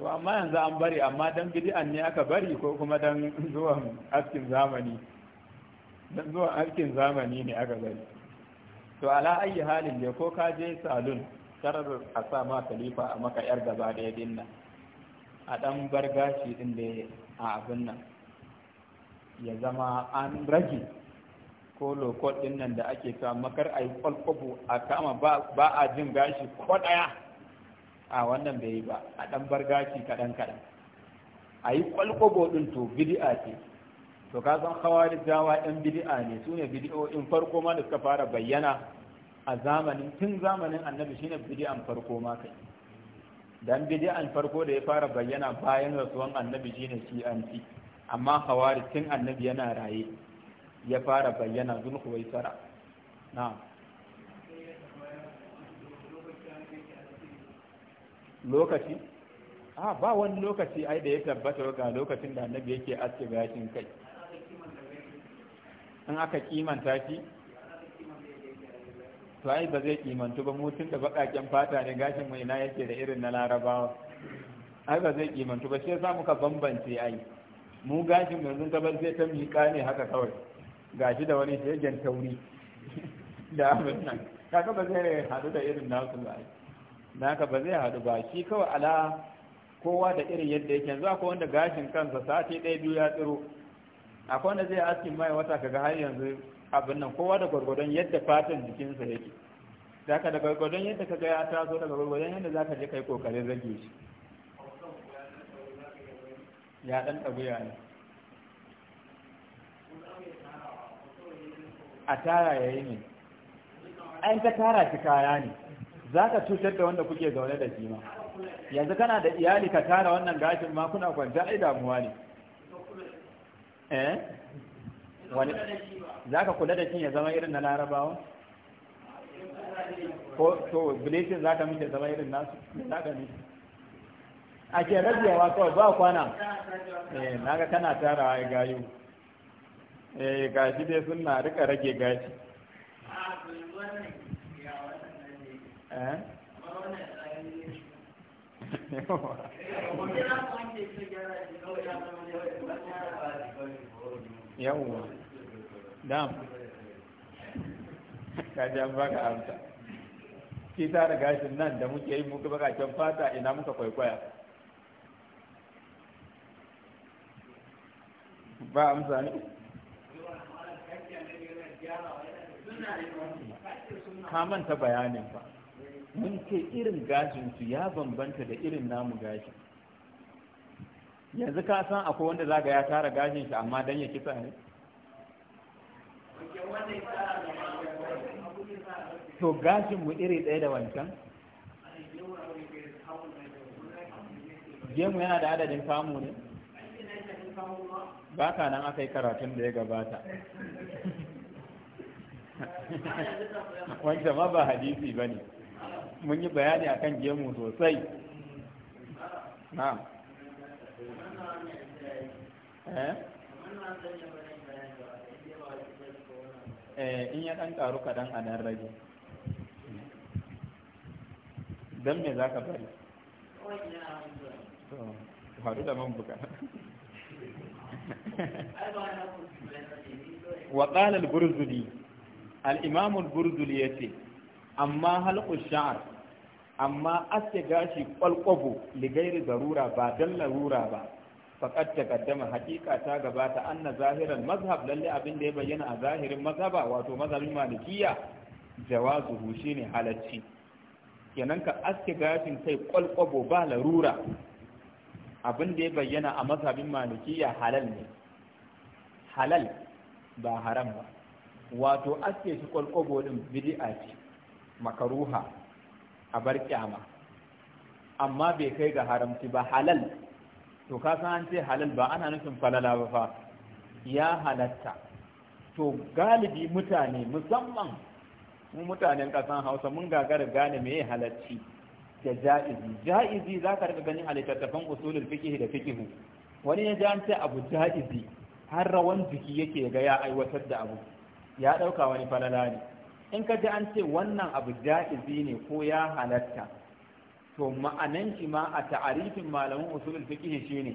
Speaker 1: to amma yanzu an bari amma dan bid'an ne aka bari ko kuma dan zuwan askin zamani dan zuwan askin zamani ne aka bari to ala ayi halin da ko ka je salon tarar a sa ma khalifa a maka yar gaba da ya dinna a dan bar din da a abin nan ya zama an rage ko lokot din nan da ake ta makar ayi kwalkwabo a kama ba a jin gashi ko daya a wannan bai yi ba a ɗan bar gaci kaɗan kaɗan a yi kwalkwabo ɗin to bidi'a ce to ka san hawari jawa ɗan bidi'a ne su ne bidi'o'in farko ma da suka fara bayyana a zamanin tun zamanin annabi shine bidi'an farko ma kai dan bidi'an farko da ya fara bayyana bayan rasuwan annabi shine shi'anci amma hawari tun annabi yana raye ya fara bayyana zulhuwaisara na'am lokaci a ba wani lokaci ai da ya tabbata ga lokacin da annabi yake aske gashin kai in aka kimanta shi to ai ba zai kimantu ba mutum da bakaken fata ne gashin mai na yake da irin na larabawa ai ba zai kimantu ba sai za ka bambance ai mu gashin yanzu ba zai ta miƙa ne haka kawai gashi da wani shegen tauri *laughs* da abin nan kaka ba zai haɗu da irin nasu ba ai na haka ba zai haɗu ba shi kawai ala kowa da irin yadda yake yanzu akwai wanda gashin kansa sati ɗaya biyu ya tsiro akwai wanda zai askin mai wata kaga har yanzu abin nan kowa da gwargwadon yadda fatan jikinsa yake da haka da gwargwadon yadda kaga ya taso daga gwargwadon yadda za ka je kai kokarin zage shi ya ɗan ɗaguya ne a tara yayi ne an ta tara shi kaya ne za ka cutar da wanda kuke zaune da shi ma yanzu kana da iyali ka tara wannan gashin ma kuna kwanta ai damuwa ne eh wani za ka kula da shi ya zama irin na larabawa ko to blessing za ka mishi zama irin nasu za ka mishi a ke rabiyawa kawai ba kwana eh ga kana tara ya gayu eh gashi dai suna rika rage gashi Eh? yawwa dam kajan baka amsa ki ta da gashin nan da muke yi muka can fata ina muka kwaikwaya ba amsa ne ka manta bayanin ba mun ce irin gajinsu ya bambanta da irin namu gashi yanzu ka san akwai wanda zaga ya tara gashin shi amma dan ya kisa ne to gashin mu iri ɗaya da wancan gemu yana da adadin kamu ne ba ka nan aka yi karatun da ya gabata *laughs* wancan ma ba hadisi ba ne
Speaker 2: mun yi bayani a kan
Speaker 1: gemu sosai na eh? eh, in ya ɗan karu kaɗan a dan rage don me za ka bari faru da man buka *laughs* wa qala al-burzuli al-imam al-burzuli yace amma halqu sha'r amma aske gashi kwalkwabo ligairi zarura ba dan larura ba ta gaddama haqiqa ta gabata anna zahiran mazhab lalle abin da ya bayyana a zahirin mazhaba wato mazhabin malikiya jawazuhu shine halacci kenan ka aske gashin kai kwalkwabo ba larura abin da ya bayyana a mazhabin malikiya halal ne halal ba haram ba wato aske shi kwalkwabo din bid'a ce makaruha a bar kyama amma bai kai ga haramci ba halal to ka san an ce halal ba ana nufin falala ba fa ya halatta to galibi mutane musamman mu mutanen kasan hausa mun gagara gane me halarci, da ja'izi ja'izi za ka rika gani halittattafan littattafan usulul fiqh da fiqh wani ya ji an abu ja'izi har rawan jiki yake ga ya aiwatar da abu ya ɗauka wani falala ne in ka ji an ce wannan abu ja'izi ne ko ya halatta to ma'anan shi ma a ta'arifin malamin usulul fiqh shine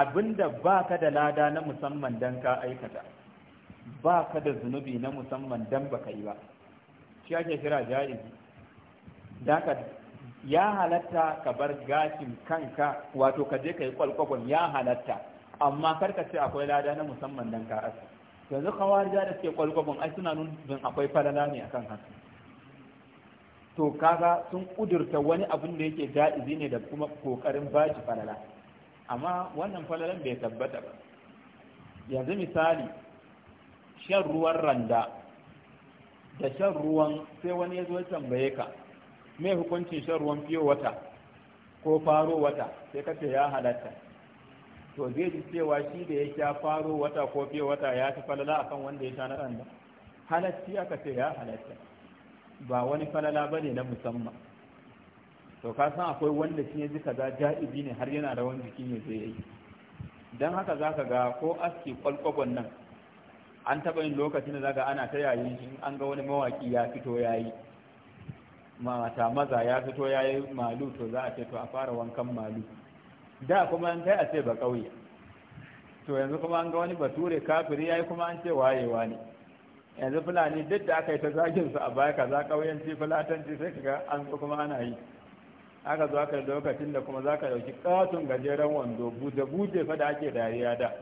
Speaker 1: abinda baka da lada na musamman dan ka aikata baka da zunubi na musamman dan baka yi ba shi ake kira ja'izi daka ya halatta ka bar gashin kanka wato ka je ka yi kwalkwabon ya halatta amma karka ce akwai lada na musamman dan ka aikata yanzu kawarja da suke kwalgwabin ai suna nufin akwai falala ne akan haka to kaga sun kudurta wani abin da yake ja'izi ne da kuma kokarin baci falala amma wannan falalan bai tabbata ba yanzu misali shan ruwan randa da shan ruwan sai wani ya zo ya tambaye ka mai hukuncin shan ruwan fiye wata ko faro wata sai ka ce ya halatta to zai ji cewa shi da ya sha faro wata ko fiye wata ya fi falala akan wanda ya sha na ɗan halacci aka ce ya halatta ba wani falala ba ne na musamman to ka san akwai wanda shi ya ji kaza ja'ibi ne har yana rawan jiki ne zai yi don haka za ka ga ko aski kwalkwagon nan an taɓa yin lokacin da zaga ana ta yayin shi an ga wani mawaki ya fito ya yi mata maza ya fito ya yi malu to za a ce to a fara wankan malu da kuma an kai a ce ba kauye. to yanzu kuma an ga wani bature kafiri yayi kuma an ce wayewa ne yanzu fulani duk da aka yi ta zagin su a baya kaza ci fulatanci sai kaga an so kuma ana yi aka zo aka lokacin da kuma za ka ɗauki gajeren wando buje-buje fa da ake dariya da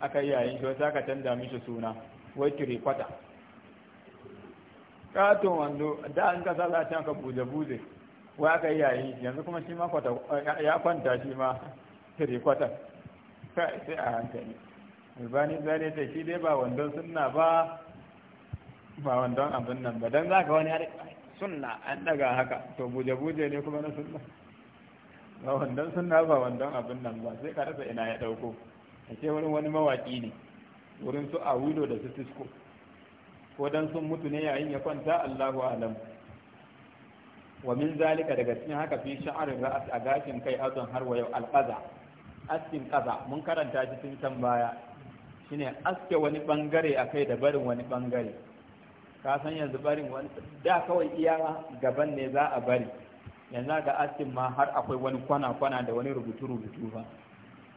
Speaker 1: aka yi yayin shi wasu aka canza mishi suna wai kwata Katon wando da an kasa za ta ka buje-buje wai aka yi yayin yanzu kuma shi ma ya kwanta shi ma cire kwatan kai sai a hankali albani zane ta shi dai ba wandon sunna ba ba wandon abin nan ba don za ka wani har sunna an daga haka to buje-buje ne kuma na sunna ba wandon sunna ba wandon abin nan ba sai ka rasa ina ya dauko a ce wurin wani mawaki ne wurin su a wido da su tisko ko dan sun mutu ne yayin ya kwanta Allahu alam wa min zalika daga cikin haka fi sha'arin ra'as a gashin kai azon har wa yau askin kaza mun karanta shi tun can baya shine aske wani bangare kai da barin wani bangare ka san yanzu barin wani da kawai iya gaban ne za a bari yanzu ga askin ma har akwai wani kwana-kwana da wani rubutu-rubutu ba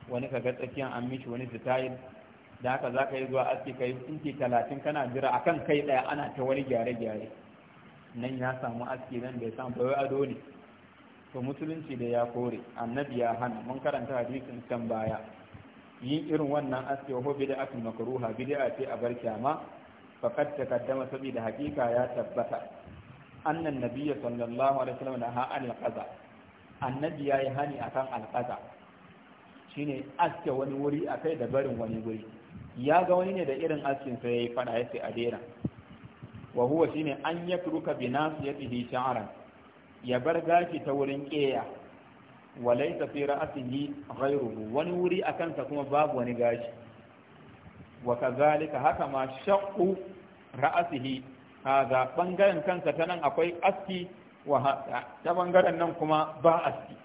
Speaker 1: wani kaga tsakiyar an mishi wani sitayil da haka za ka yi zuwa aski ka yi tsinki talatin kana jira a kan kai ɗaya ana ta wani gyare-gyare nan ya samu aski nan bai samu bai ado ne to musulunci da ya kore annabi ya hana mun karanta hadisin kan baya yin irin wannan aske ho bid'atun makruha da ce a bar kyama ta kaddama saboda hakika ya tabbata annan nabiyya sallallahu alaihi wasallam da anil qaza annabi yi hani akan alqaza shine aske wani wuri akai da barin wani wuri ya ga wani ne da irin askin sa yayi fada ce a dera wa huwa shine an yatruka bi nasiyatihi sha'ran ya bar gashi ta wurin keya walai fi ra'asihi ghayruhu wani wuri a kansa kuma babu wani gashi wa kazalika haka ma shaqqu ra'asihi haza bangaren kansa ta nan akwai aski wa ta bangaren nan kuma ba aski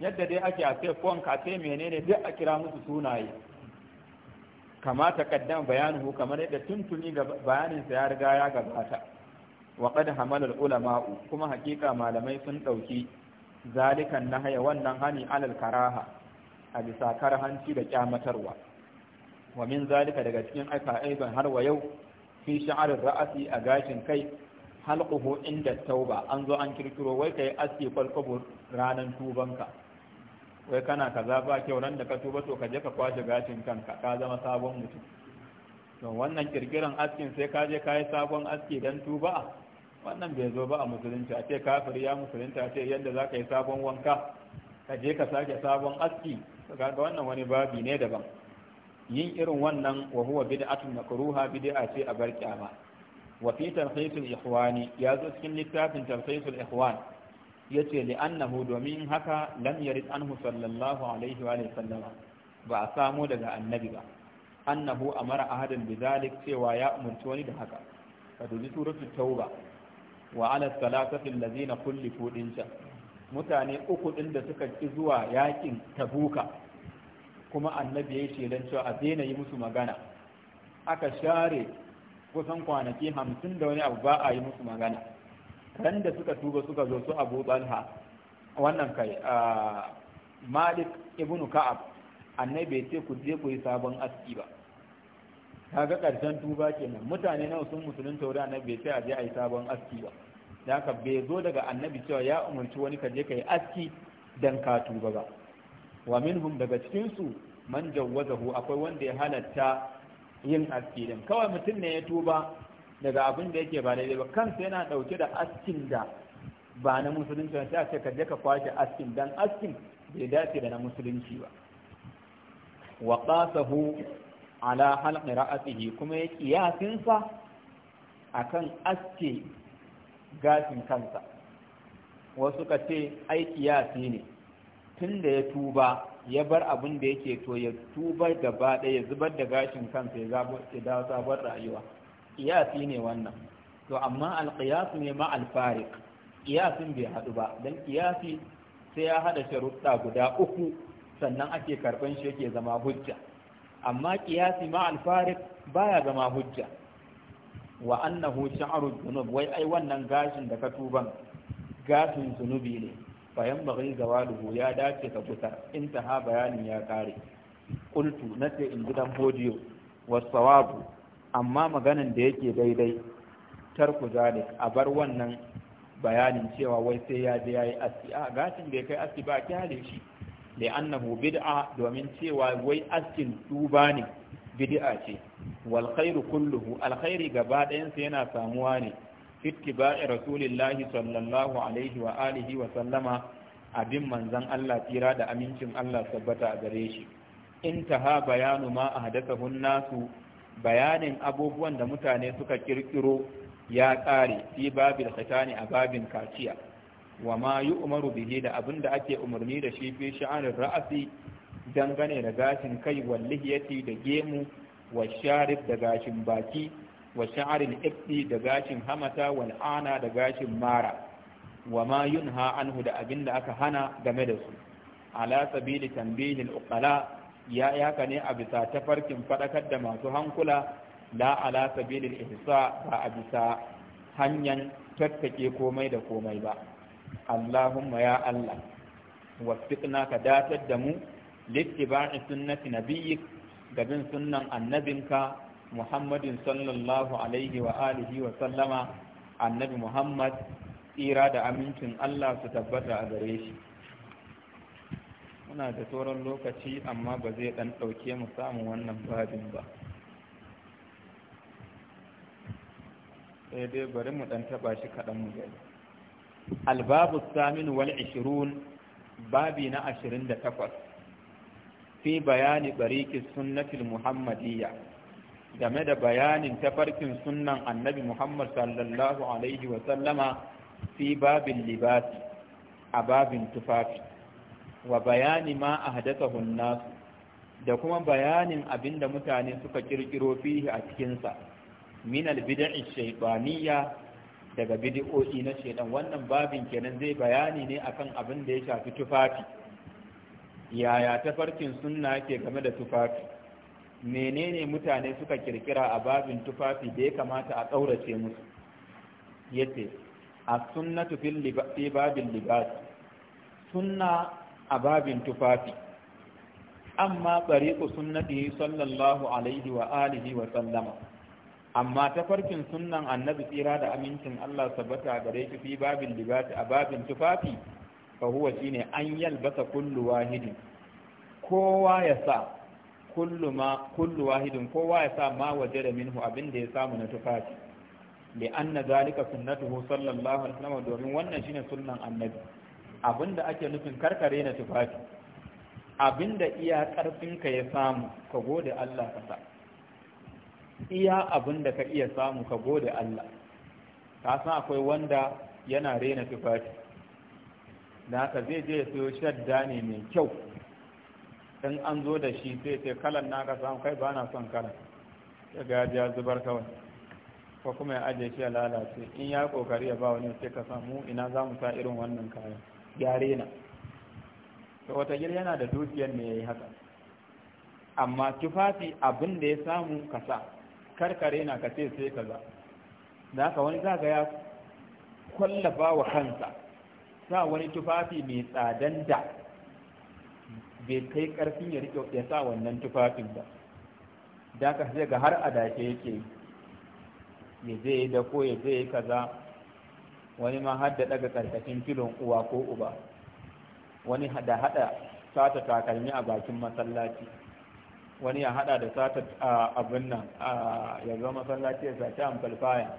Speaker 1: yadda dai ake a sai ko ka sai menene duk a kira musu sunaye Kamata ta kaddam bayanuhu kamar yadda tuntuni ga bayaninsa ya riga ya gabata wa qad hamala ulama kuma hakika malamai sun ɗauki zalikan nahaya wannan hani alal karaha a bisa karhanci da kyamatarwa wa min zalika daga cikin aka aiban har wa yau fi sha'arir ra'asi a gashin kai halquhu inda tauba an zo an kirkiro wai kai aske kwalkwabo ranan tubanka wai kana kaza ba kyau nan da ka tuba to ka je ka kwace gashin kanka ka zama sabon mutum to wannan kirkiran askin sai ka je ka yi sabon aski dan tuba wannan bai zo ba a musulunci a ce kafir ya musulunci a ce yadda za ka yi sabon wanka ka je ka sake sabon aski ga wannan wani babi ne daban yin irin wannan wa huwa bid'atun makruha bid'a ce a bar kyama wa fi tarhisul ihwani ya zo cikin littafin tarhisul ihwan yace li annahu domin haka lam yarid anhu sallallahu alaihi wa sallam. ba a samu daga annabi ba annahu amara ahadan bidhalik cewa ya umurci wani da haka ka dubi suratul tauba wa ala salatatin lazina kulli can mutane uku ɗin da suka ƙi zuwa yakin tabuka kuma annabi ya shelan cewa a daina yi musu magana aka share kusan kwanaki hamsin da wani abu ba a yi musu magana ran da suka tuba suka zo su abu talha wannan kai malik ibnu ka'ab annabi ya ce ku je ku yi sabon aski ba kaga karshen tuba kenan mutane nawa sun musulun tauri annabi bai sai a je a yi sabon aski ba da haka bai zo daga annabi cewa ya umarci wani ka je ka yi aski dan ka tuba ba wa minhum daga cikin su man jawwazahu akwai wanda ya halatta yin aski din kawai mutum ne ya tuba daga abin da yake ba daidai ba kansa yana dauke da askin da ba na musulunci sai a ce ka je ka kwace askin dan askin bai dace da na musulunci ba wa qasahu ala halqi ra'atihi kuma ya kiyasin sa akan aske gashin kansa wasu ka ce ai kiyasi ne tunda ya tuba ya bar abin da yake to ya tuba gaba ɗaya zubar da gashin kansa ya zabo dawo sabon rayuwa kiyasi ne wannan to amma alqiyas ne ma alfariq kiyasin bai haɗu ba dan kiyasi sai ya haɗa sharuɗa guda uku sannan ake karɓan shi yake zama hujja amma kiyasi ma al-farid baya zama hujja wa annahu sha'ru dhunub wai ai wannan gashin da ka tuban gashin zunubi ne fa yanbaghi zawaluhu ya dace ka kusa ha bayanin ya kare qultu nace in gidan bodiyo wasawabu amma maganan da yake daidai tarku zalik a bar wannan bayanin cewa wai sai ya je yayi aski gashin da kai aski ba kyale shi li'annahu bid'a domin cewa wai askin tuba ne bid'a ce wal khairu kulluhu alkhairi gaba ɗayansa yana samuwa ne ittiba'i rasulillahi sallallahu alaihi wa alihi wa sallama abin manzon Allah tira da amincin Allah tabbata a gare shi intaha bayanu ma ahdathahu nasu bayanin abubuwan da mutane suka kirkiro ya sai fi babil khitani a babin kaciya wa ma yi umaru bihi da abin da ake umarni da shi fi sha'anin ra'asi dangane da gashin kai wallihiyati da gemu wa sharif da gashin baki wa sha'arin ibdi da gashin hamata wa ana da gashin mara wa ma yunha anhu da abin da aka hana game da su ala sabili tambihin uqala ya yaka ne a bisa tafarkin fadakar da masu hankula la ala sabilil ihsa ba a bisa hanyar tattake komai da komai ba Allahumma ya Allah waffiqna ka datar da mu littiba'i sunnati nabiyyi ga bin sunnan annabinka Muhammadin sallallahu alaihi wa alihi wa sallama annabi Muhammad tsira da amincin Allah su tabbata a gare shi muna da sauran lokaci amma ba zai dan ɗauke mu samu wannan babin ba sai dai bari mu ɗan taɓa shi kaɗan mu gani albabu Saminu wal ishirun babi na ashirin da takwas fi bayani bariki sunnatul muhammadiyya game da bayanin tafarkin sunnan annabi muhammad sallallahu alaihi wa sallama fi babin libasi a babin tufafi wa bayani ma a hadasa nasu da kuma bayanin abinda mutane suka kirkiro fihi a cikinsa min albid'i shaytaniyya daga bidi'o'i na shedan wannan babin kenan zai bayani ne akan abin da ya shafi tufafi yaya tafarkin sunna ke game da tufafi menene mutane suka kirkira a babin tufafi da ya kamata a ƙaurace musu yace a sunnatu fi babin libas sunna a babin tufafi amma ku sunnati sallallahu alaihi wa alihi wa sallama amma ta farkin sunnan annabi tsira da amincin Allah sabata gare shi fi babin libati a babin tufafi fa huwa shine an yalbasa kullu wahidin kowa ya sa kullu ma kullu wahidin kowa ya sa ma da minhu abin da ya samu na tufafi li anna zalika sunnatuhu sallallahu alaihi wasallam domin wannan shine sunnan annabi abinda ake nufin karkare na tufafi abinda iya karfin ka ya samu ka gode Allah ka sa iya abin da ka iya samu ka gode Allah ka san akwai wanda yana rena tufafi da haka zai je ya siyo shadda ne mai kyau in an zo da shi sai sai kalan na ka samu kai ba na son kalan ya ga ya zubar kawai ko kuma ya ajiye shi ya lalace in ya kokari ya ba wani sai ka samu ina za mu sa irin wannan kayan ya rena to wata yana da dukiyar ne ya yi haka amma tufafi abin da ya samu kasa karkare na ka ce sai kaza da haka wani zaga ya kwallafa wa kansa sa wani tufafi mai tsadan da bai kai karfin ya rike ya sa wannan tufafin ba da haka sai ga har adashe yake ya je da ko ya je kaza wani ma har da daga karkashin filon uwa ko uba wani da hada sata takalmi a bakin masallaci wani ya hada da sata abin nan ya zama masallaci ya sace falfaya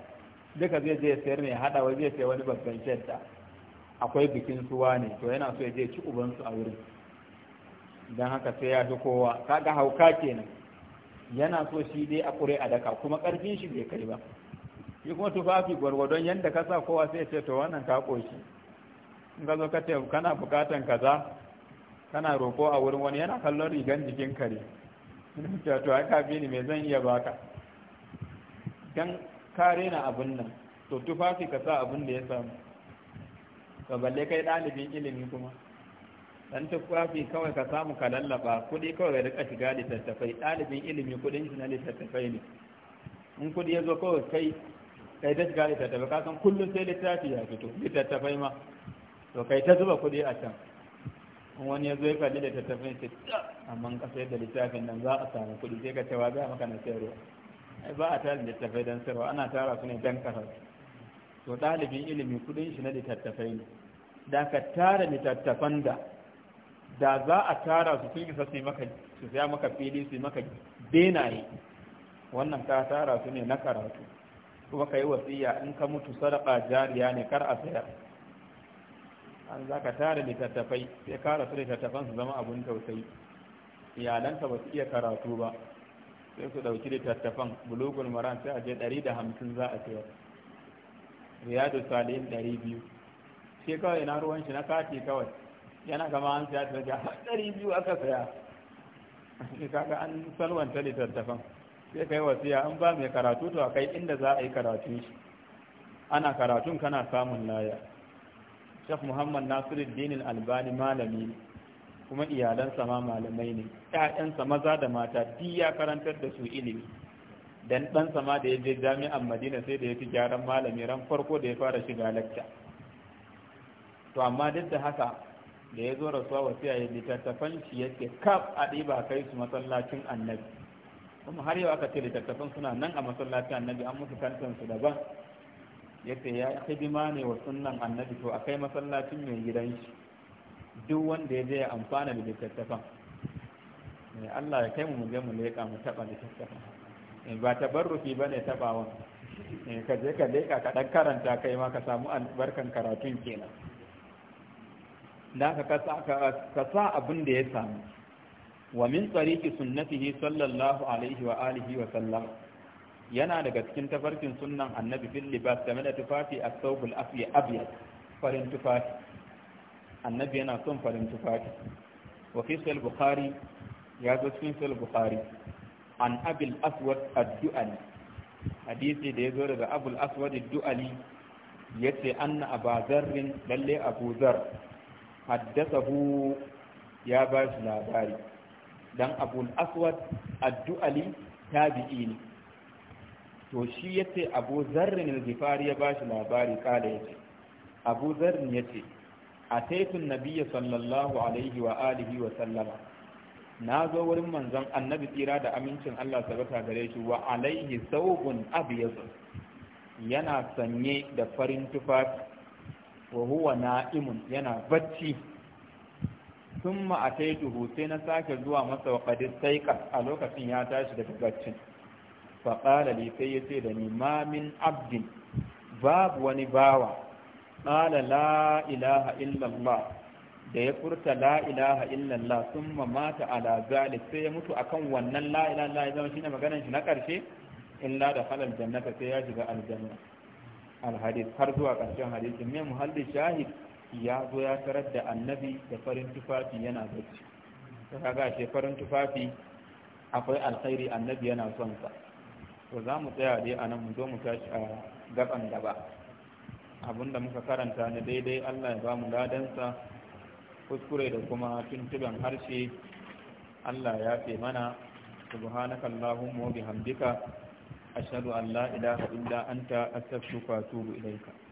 Speaker 1: duka zai je sayar ne ya hada wai zai sayar wani babban shadda akwai bikin suwa ne to yana so ya je ci ubansu a wurin dan haka sai ya fi kowa kaga hauka kenan yana so shi dai a kure a daka kuma karfin shi bai kai ba shi kuma tufafi gwargwadon yadda ka sa kowa sai ce to wannan ka koshi in ka zo ka ce kana bukatan kaza kana roko a wurin wani yana kallon rigan jikin kare to to ka bi ni me zan iya baka dan ka rena abun nan to tufafi ka sa abun da ya samu ka balle kai ɗalibin ilimi kuma dan tufafi kawai ka samu ka lallaba kuɗi kawai ka rika shiga littattafai ɗalibin ilimi kudin shi na littattafai ne in kuɗi ya zo kawai kai kai ta shiga littattafai ka san kullum sai littafi ya fito littattafai ma to kai ta zuba kuɗi a can wani ya zo ya kalli da tattafin sai amma ka sayar da littafin nan za a samu kuɗi sai ka cewa wa gaya maka na sayarwa ai ba a tara littattafai don sayarwa ana tara su ne don kasar to ɗalibin ilimi kuɗin shi na littattafai ne da ka tara littattafan da da za a tara su sun isa su maka su saya maka fili su maka benaye wannan ka tara su ne na karatu kuma ka yi wasiya in ka mutu sadaka jariya ne kar a sayar an za ka tara littattafai sai ka rasu littattafan su zama abun tausayi iyalanka ba su iya karatu ba sai su ɗauki littattafan bulugul maran sai a je ɗari da hamsin za a sayar riyadu salihin ɗari biyu shi kawai ina ruwan shi na kati kawai yana gama an saya ta ga *laughs* ɗari biyu aka saya shi kaga an salwanta littattafan sai kai wasiya an ba mai karatu to a kai inda za a yi karatun shi ana karatun kana samun laya Sheikh Muhammad Nasiru, Nasiruddin Albani malami kuma iyalansa ma malamai ne Ya'yansa maza da mata duk ya karantar da su ilimi dan ɗansa ma da ya je jami'an Madina sai da ya fi gyaran malami ran farko da ya fara shiga lacca to amma duk da haka da ya zo rasuwa wasiya ya littattafan shi yake kaf a ɗiba kai su masallacin annabi kuma har yau aka ce littattafan suna nan a masallacin annabi an musu kantansu daban ya ce ya hidima ne wa sunnan annabi to akai masallacin mai gidan shi duk wanda ya je ya amfana da littattafan mai eh, Allah ya kai mu mu je mu leƙa mu taɓa littattafan eh, ba tabarruki ba ne taɓawan eh, ka je ka leƙa ka dan karanta kai ma ka samu albarkan karatun kenan dan ka sa abin da ya samu wa min tariqi sunnatihi sallallahu alaihi wa alihi wa sallam yana daga cikin tafarkin sunnan annabi fil libas game da tufafi a saubul afiya abiyar farin tufafi annabi yana son farin tufafi wa fi sahih bukhari ya zo cikin sal bukhari an abil aswad ad-du'ali hadisi da ya zo daga abul aswad ad-du'ali yace anna abazarrin lalle abuzar haddathahu ya ba shi labari dan abul aswad ad-du'ali tabi'i ne to shi ya ce abu zarrin al-gifari ya bashi labari kala ya ce abu zarrin ya ce a taifin nabiya sallallahu alaihi wa alihi wa sallama na zo wurin manzon annabi tsira da amincin Allah sabata gare shi wa alaihi thawbun abyad yana sanye da farin tufafi wa huwa na'imun yana bacci thumma ataituhu sai na sake zuwa masa wa qad a lokacin ya tashi daga baccin Faƙalali sai ya ce da ni ma abdin babu wani bawa ƙala la ilaha illallah da ya furta la ilaha illallah sun mamata ala zalik sai ya mutu akan wannan la ilaha illallah ya zama shine maganar shi na ƙarshe illa da halal jannata sai ya shiga aljanna alhadis har zuwa ƙarshen hadisin mai muhalli shahid ya zo ya tarar da annabi da farin tufafi yana bacci ta kaga shi farin tufafi akwai alkhairi annabi yana son sa to za mu tsaya dai a nan mu zo mu tashi a gaban gaba abinda muka karanta na daidai Allah ya ba mu ladansa kuskure da kuma tuntuban harshe Allah ya fi mana subhanaka allahumma wa bihamdika ashhadu an la ilaha illa anta astaghfiruka wa atubu ilayka